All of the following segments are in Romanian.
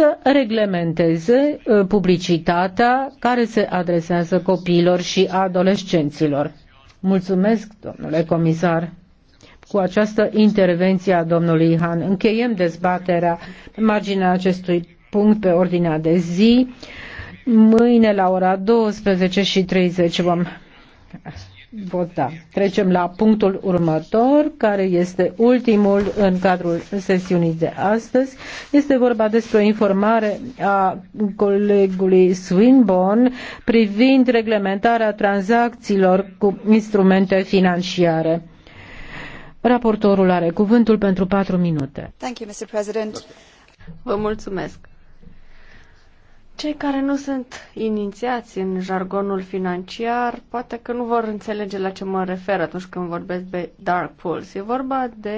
să reglementeze uh, publicitatea care se adresează copiilor și adolescenților. Mulțumesc, domnule comisar. Cu această intervenție a domnului Han încheiem dezbaterea pe marginea acestui punct pe ordinea de zi. Mâine la ora 12 și 30 vom vota. Da. Trecem la punctul următor, care este ultimul în cadrul sesiunii de astăzi. Este vorba despre o informare a colegului Swinburne privind reglementarea tranzacțiilor cu instrumente financiare. Raportorul are cuvântul pentru patru minute. Thank you, Mr. President. Vă mulțumesc. Cei care nu sunt inițiați în jargonul financiar poate că nu vor înțelege la ce mă refer atunci când vorbesc de dark pools. E vorba de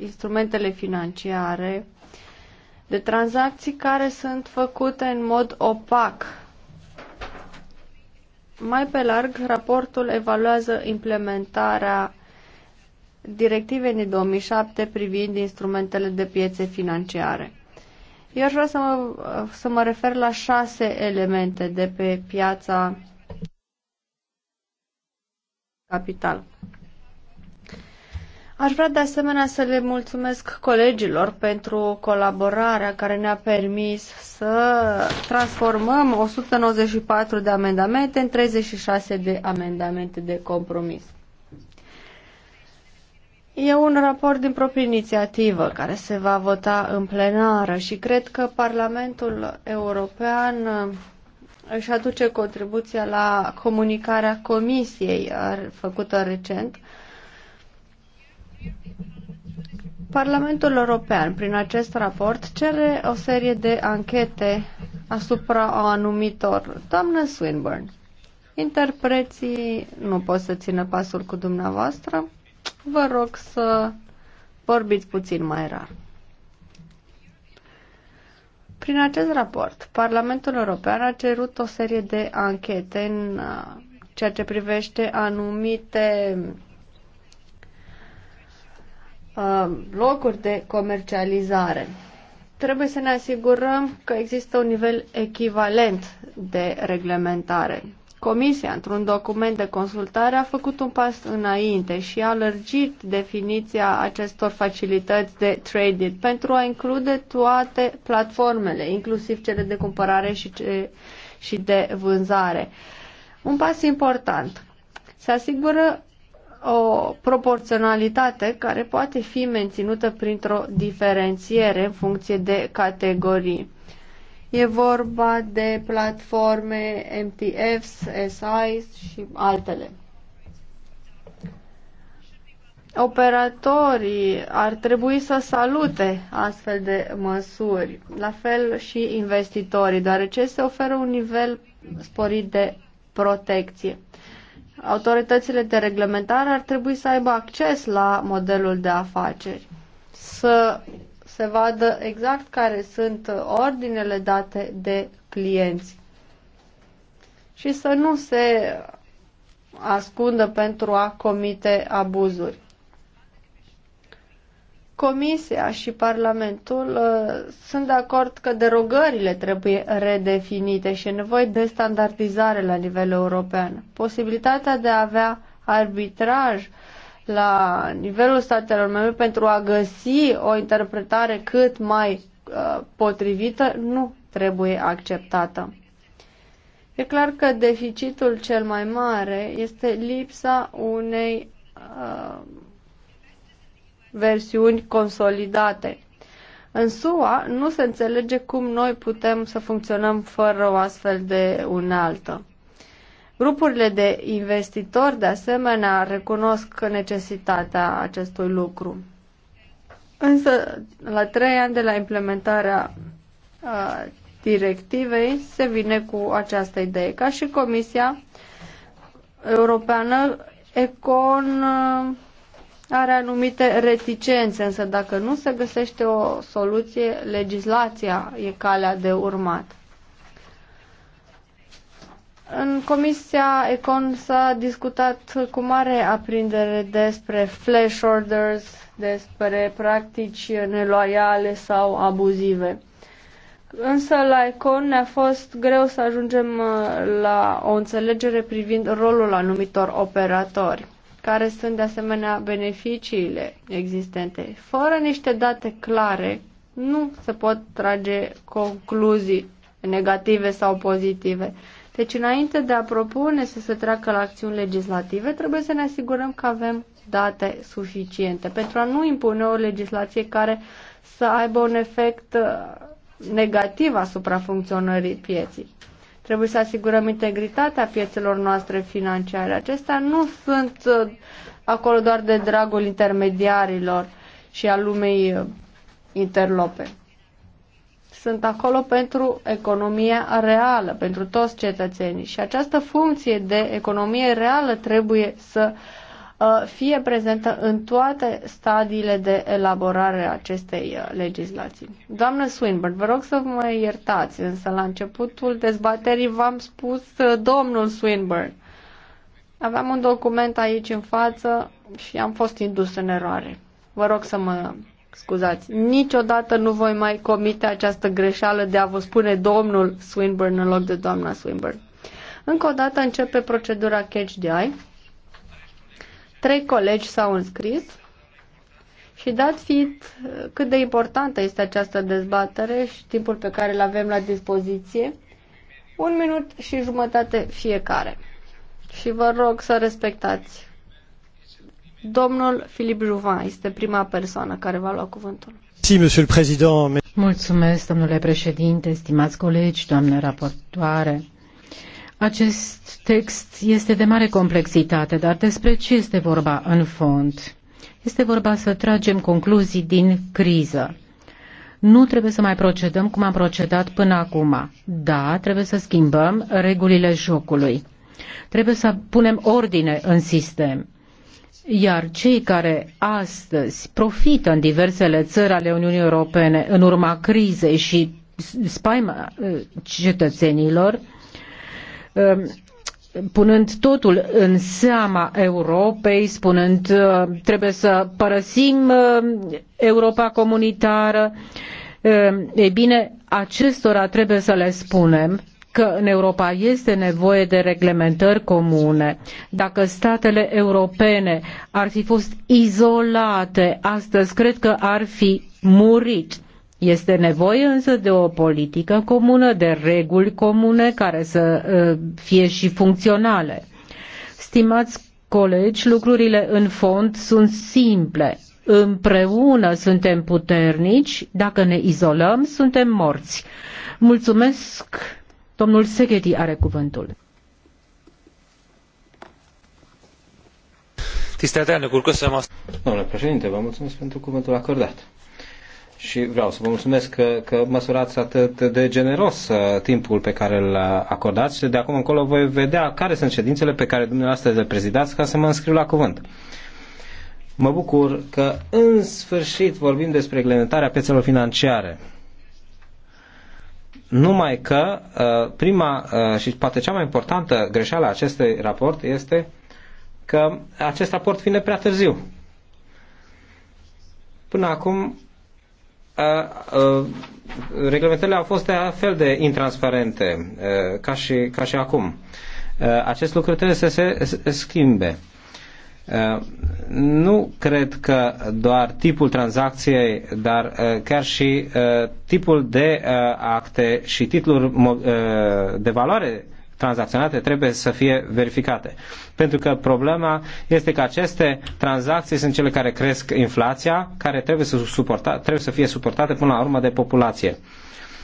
instrumentele financiare, de tranzacții care sunt făcute în mod opac. Mai pe larg, raportul evaluează implementarea directivei din 2007 privind instrumentele de piețe financiare. Eu aș vrea să mă, să mă refer la șase elemente de pe piața capital. Aș vrea de asemenea să le mulțumesc colegilor pentru colaborarea care ne-a permis să transformăm 194 de amendamente în 36 de amendamente de compromis. E un raport din proprie inițiativă care se va vota în plenară și cred că Parlamentul European uh, își aduce contribuția la comunicarea Comisiei uh, făcută recent. Parlamentul European, prin acest raport, cere o serie de anchete asupra anumitor. Doamnă Swinburne, interpreții nu pot să țină pasul cu dumneavoastră vă rog să vorbiți puțin mai rar. Prin acest raport, Parlamentul European a cerut o serie de anchete în uh, ceea ce privește anumite uh, locuri de comercializare. Trebuie să ne asigurăm că există un nivel echivalent de reglementare Comisia, într-un document de consultare, a făcut un pas înainte și a lărgit definiția acestor facilități de trading pentru a include toate platformele, inclusiv cele de cumpărare și, ce, și de vânzare. Un pas important. Se asigură o proporționalitate care poate fi menținută printr-o diferențiere în funcție de categorii. E vorba de platforme MTFs, SIs și altele. Operatorii ar trebui să salute astfel de măsuri, la fel și investitorii, deoarece se oferă un nivel sporit de protecție. Autoritățile de reglementare ar trebui să aibă acces la modelul de afaceri, să se vadă exact care sunt ordinele date de clienți și să nu se ascundă pentru a comite abuzuri. Comisia și Parlamentul uh, sunt de acord că derogările trebuie redefinite și e nevoie de standardizare la nivel european. Posibilitatea de a avea arbitraj uh, la nivelul statelor membre pentru a găsi o interpretare cât mai uh, potrivită nu trebuie acceptată. E clar că deficitul cel mai mare este lipsa unei uh, versiuni consolidate. În SUA nu se înțelege cum noi putem să funcționăm fără o astfel de unealtă. Grupurile de investitori, de asemenea, recunosc necesitatea acestui lucru. Însă, la trei ani de la implementarea a, directivei, se vine cu această idee. Ca și Comisia Europeană, Econ are anumite reticențe, însă dacă nu se găsește o soluție, legislația e calea de urmat. În Comisia Econ s-a discutat cu mare aprindere despre flash orders, despre practici neloiale sau abuzive. Însă la Econ ne-a fost greu să ajungem uh, la o înțelegere privind rolul anumitor operatori, care sunt de asemenea beneficiile existente. Fără niște date clare, nu se pot trage concluzii negative sau pozitive. Deci, înainte de a propune să se treacă la acțiuni legislative, trebuie să ne asigurăm că avem date suficiente pentru a nu impune o legislație care să aibă un efect uh, negativ asupra funcționării pieții. Trebuie să asigurăm integritatea piețelor noastre financiare. Acestea nu sunt uh, acolo doar de dragul intermediarilor și a lumei uh, interlope sunt acolo pentru economia reală, pentru toți cetățenii. Și această funcție de economie reală trebuie să uh, fie prezentă în toate stadiile de elaborare a acestei uh, legislații. Doamnă Swinburne, vă rog să mă iertați, însă la începutul dezbaterii v-am spus uh, domnul Swinburne. Aveam un document aici în față și am fost indus în eroare. Vă rog să mă scuzați, niciodată nu voi mai comite această greșeală de a vă spune domnul Swinburne în loc de doamna Swinburne. Încă o dată începe procedura catch the eye. Trei colegi s-au înscris și dat fiind uh, cât de importantă este această dezbatere și timpul pe care îl avem la dispoziție, un minut și jumătate fiecare. Și vă rog să respectați Domnul Filip Juvan este prima persoană care va lua cuvântul. Mulțumesc, domnule președinte, stimați colegi, doamne raportoare. Acest text este de mare complexitate, dar despre ce este vorba în fond? Este vorba să tragem concluzii din criză. Nu trebuie să mai procedăm cum am procedat până acum. Da, trebuie să schimbăm regulile jocului. Trebuie să punem ordine în sistem iar cei care astăzi profită în diversele țări ale Uniunii Europene în urma crizei și spaima uh, cetățenilor, um, punând totul în seama Europei, spunând uh, trebuie să părăsim uh, Europa comunitară, um, e bine, acestora trebuie să le spunem că în Europa este nevoie de reglementări comune. Dacă statele europene ar fi fost izolate astăzi, cred că ar fi murit. Este nevoie însă de o politică comună, de reguli comune care să uh, fie și funcționale. Stimați colegi, lucrurile în fond sunt simple. Împreună suntem puternici, dacă ne izolăm, suntem morți. Mulțumesc Domnul Seghedi are cuvântul. Domnule președinte, vă mulțumesc pentru cuvântul acordat. Și vreau să vă mulțumesc că, că măsurați atât de generos uh, timpul pe care îl uh, acordați și de acum încolo voi vedea care sunt ședințele pe care dumneavoastră le prezidați ca să mă înscriu la cuvânt. Mă bucur că în sfârșit vorbim despre reglementarea piețelor financiare numai că uh, prima uh, și poate cea mai importantă greșeală a acestui raport este că acest raport vine prea târziu. Până acum, uh, reglementările au fost de fel de intransparente, ca și, ca și acum. Acest lucru trebuie să se schimbe. Uh, nu cred că doar tipul tranzacției, dar uh, chiar și uh, tipul de acte și titluri de valoare tranzacționate trebuie să fie verificate. Pentru că problema este că aceste tranzacții sunt cele care cresc inflația, care trebuie să, suporta, trebuie să fie suportate până la urmă de populație.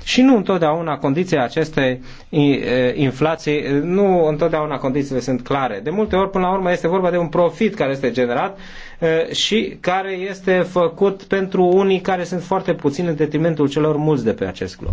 Și nu întotdeauna condițiile acestei inflații, nu întotdeauna condițiile sunt clare. De multe ori, până la urmă, este vorba de un profit care este generat și care este făcut pentru unii care sunt foarte puțini în detrimentul celor mulți de pe acest glob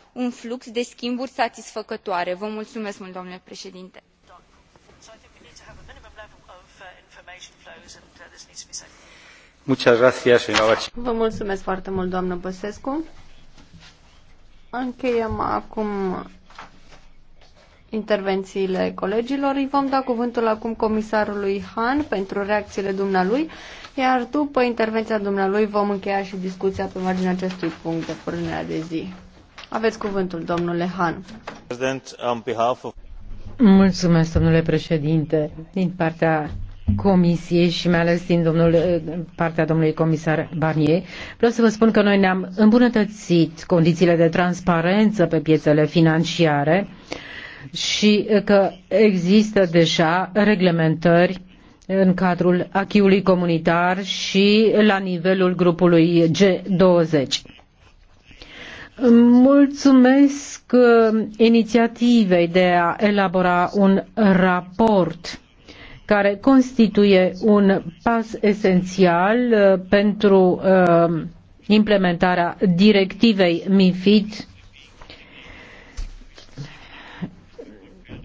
un flux de schimburi satisfăcătoare. vă mulțumesc mult domnule președinte. Vă mulțumesc foarte mult, doamnă Băsescu. Încheiem acum intervențiile colegilor. Îi vom da cuvântul acum comisarului Han pentru reacțiile dumnealui, iar după intervenția dumnealui vom încheia și discuția pe marginea acestui punct de pornire de zi. Aveți cuvântul, domnule Han. Mulțumesc, domnule președinte, din partea Comisiei și mai ales din domnul, partea domnului comisar Barnier. Vreau să vă spun că noi ne-am îmbunătățit condițiile de transparență pe piețele financiare și că există deja reglementări în cadrul achiului comunitar și la nivelul grupului G20 Mulțumesc uh, inițiativei de a elabora un raport care constituie un pas esențial uh, pentru uh, implementarea directivei MIFID.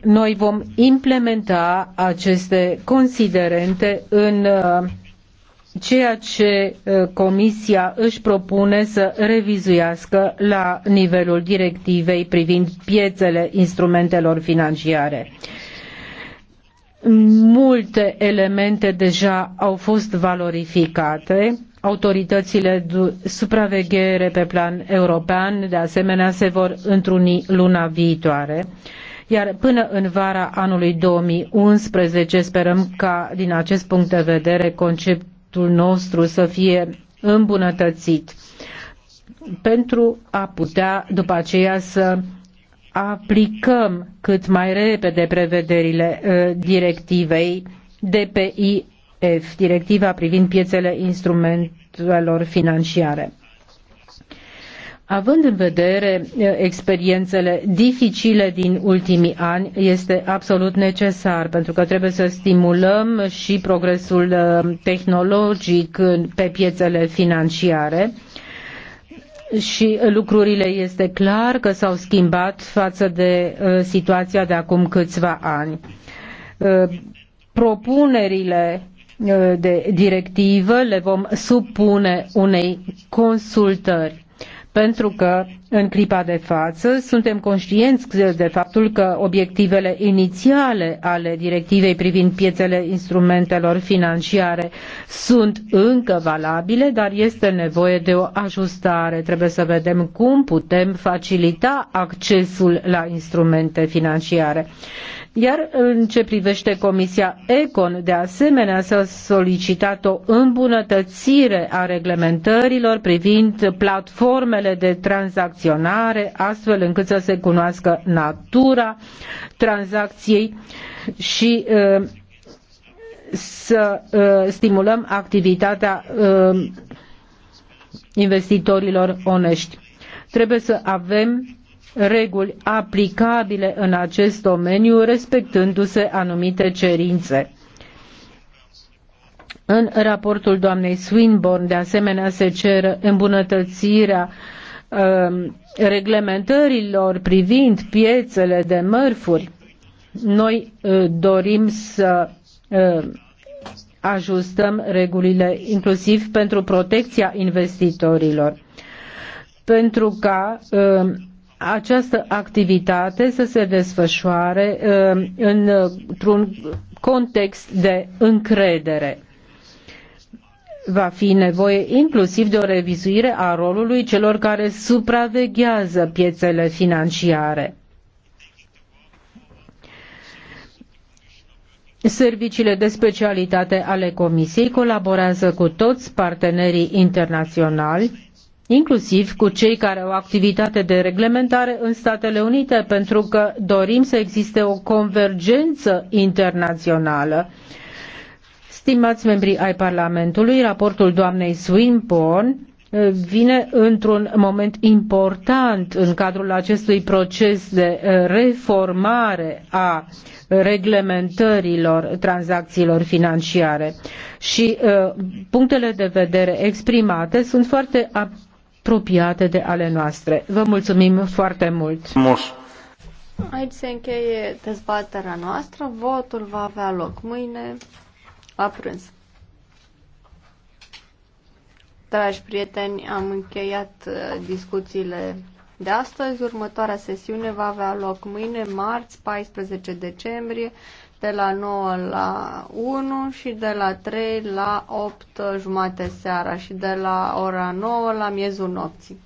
Noi vom implementa aceste considerente în ceea ce Comisia își propune să revizuiască la nivelul directivei privind piețele instrumentelor financiare. Multe elemente deja au fost valorificate. Autoritățile de supraveghere pe plan european, de asemenea, se vor întruni luna viitoare iar până în vara anului 2011 sperăm ca, din acest punct de vedere, conceptul raportul nostru să fie îmbunătățit pentru a putea după aceea să aplicăm cât mai repede prevederile uh, directivei DPIF, directiva privind piețele instrumentelor financiare. Având în vedere experiențele dificile din ultimii ani, este absolut necesar, pentru că trebuie să stimulăm și progresul tehnologic pe piețele financiare. Și lucrurile este clar că s-au schimbat față de situația de acum câțiva ani. Propunerile de directivă le vom supune unei consultări pentru că în clipa de față suntem conștienți de faptul că obiectivele inițiale ale directivei privind piețele instrumentelor financiare sunt încă valabile, dar este nevoie de o ajustare. Trebuie să vedem cum putem facilita accesul la instrumente financiare. Iar în ce privește Comisia Econ, de asemenea s-a solicitat o îmbunătățire a reglementărilor privind platformele de tranzacționare tranzacționare, astfel încât să se cunoască natura tranzacției și uh, să uh, stimulăm activitatea uh, investitorilor onești. Trebuie să avem reguli aplicabile în acest domeniu, respectându-se anumite cerințe. În raportul doamnei Swinburne, de asemenea, se cere îmbunătățirea Um, reglementărilor privind piețele de mărfuri, noi uh, dorim să uh, ajustăm regulile inclusiv pentru protecția investitorilor, pentru ca um, această activitate să se desfășoare um, într-un context de încredere va fi nevoie inclusiv de o revizuire a rolului celor care supraveghează piețele financiare. Serviciile de specialitate ale Comisiei colaborează cu toți partenerii internaționali, inclusiv cu cei care au activitate de reglementare în Statele Unite, pentru că dorim să existe o convergență internațională Stimați membri ai Parlamentului, raportul doamnei Swinburne eh, vine într-un moment important în cadrul acestui proces de eh, reformare a reglementărilor tranzacțiilor financiare. Și eh, punctele de vedere exprimate sunt foarte apropiate de ale noastre. Vă mulțumim foarte mult! Aici se încheie dezbaterea noastră. Votul va avea loc mâine la prânz. Dragi prieteni, am încheiat uh, discuțiile de astăzi. Următoarea sesiune va avea loc mâine, marți, 14 decembrie, de la 9 la 1 și de la 3 la 8 jumate seara și de la ora 9 la miezul nopții.